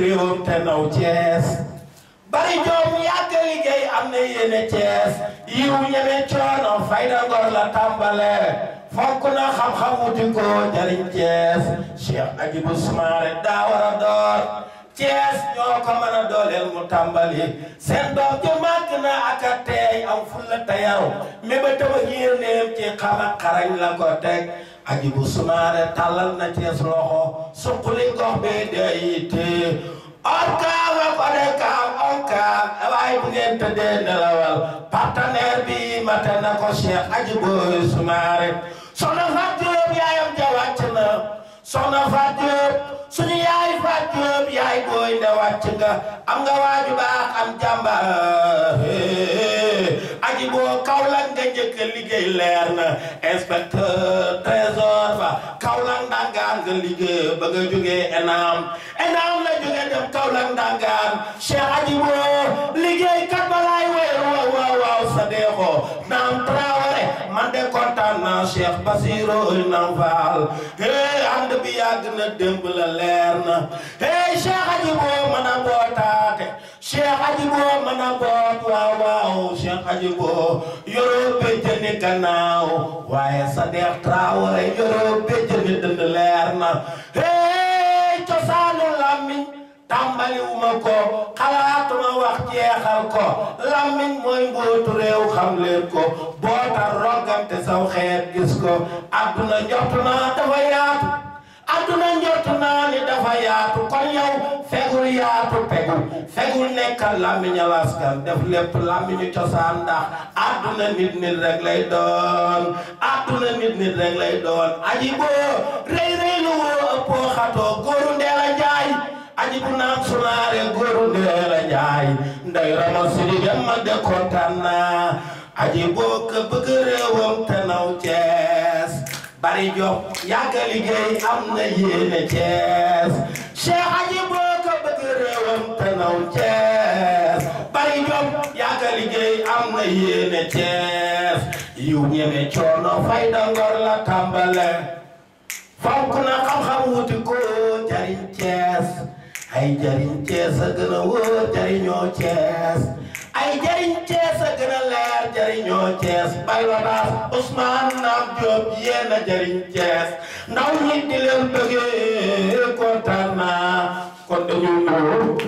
réewam te naw Cees bari am na yéene Cees yiw ñeme coono fayda ngor la tàmbale fonk na xam-xam wuti jariñ Cees Cheikh Agibou Soumaré daa war a door Cees ñoo ko mën dooleel mu tàmbali seen doom ju na ak a am fulla tayaw mais ba tëba yéeneem ci xam ak la ko teg ajibu sumaare tàllal na cees loxo suquli gox bi day tee orkaam ak orekaam orkaam waaye bu ngeen tëddee nelawal partenaire bi mate na ko cheikh ajibu sumaare soxna Faat Jóob yaayam ja wàcc na soxna Faat Jóob yaay Faat Jóob yaay booy ne wàcc am nga waaju am jàmbaar aji boo kaw la nga njëkk liggéey leer na inspecteur nga liggéey ba nga jógee ENAM ENAM la jógee dem Kaolack ndangaan Cheikh Adjibo liggéey kat balaay wéy waaw waaw waaw sa deexo naam Traoré man de kontaan naa Cheikh Basiro naam Fall hey ànd bi yàgg na démb la leer na hey Cheikh Adjibo mën a mbootaay Cheikh Ajibo mën na boot waaw waaw Cheikh Ajibo yoroo béjjëni gannaaw waaye Sadex Traoré yoroo béjjëni dënd leer na hey cosaanu làmmiñ tàmbaliwuma ko xalaatuma wax jeexal ko làmmiñ mooy mbootu réew xam leen ko bootal roggante saw xeet gis ko àdduna njort naa dafa defar fegul nekkal làmmiñu askan def lépp làmmiñu cosaan ndax àdduna nit nit rek lay doon àdduna nit nit rek doon aji boo rëy rëy lu woo ëppoo xatoo góoru ndeel a jaay aji bu naam sunaare góoru ndeel a jaay nday rama si di ma de kontaan naa aji boo ko bëgg réewam te naw cees bari jox yàgg liggéey am na yéene Cees Cheikh Aji boo ko bëgg réew naw Cees bari jom yàgg liggéey am na yéene Cees yiw ñeme coono fayda ngor la tàmbale fonk na xam wuti ko jariñ Cees ay jariñ Cees a gën a jariñoo Cees ay jariñ Cees a gën a jariñoo Cees bay wadaas Ousmane Naam Diop yéen jariñ Cees ndaw ñi di leen bëggee kontaan naa kon dañu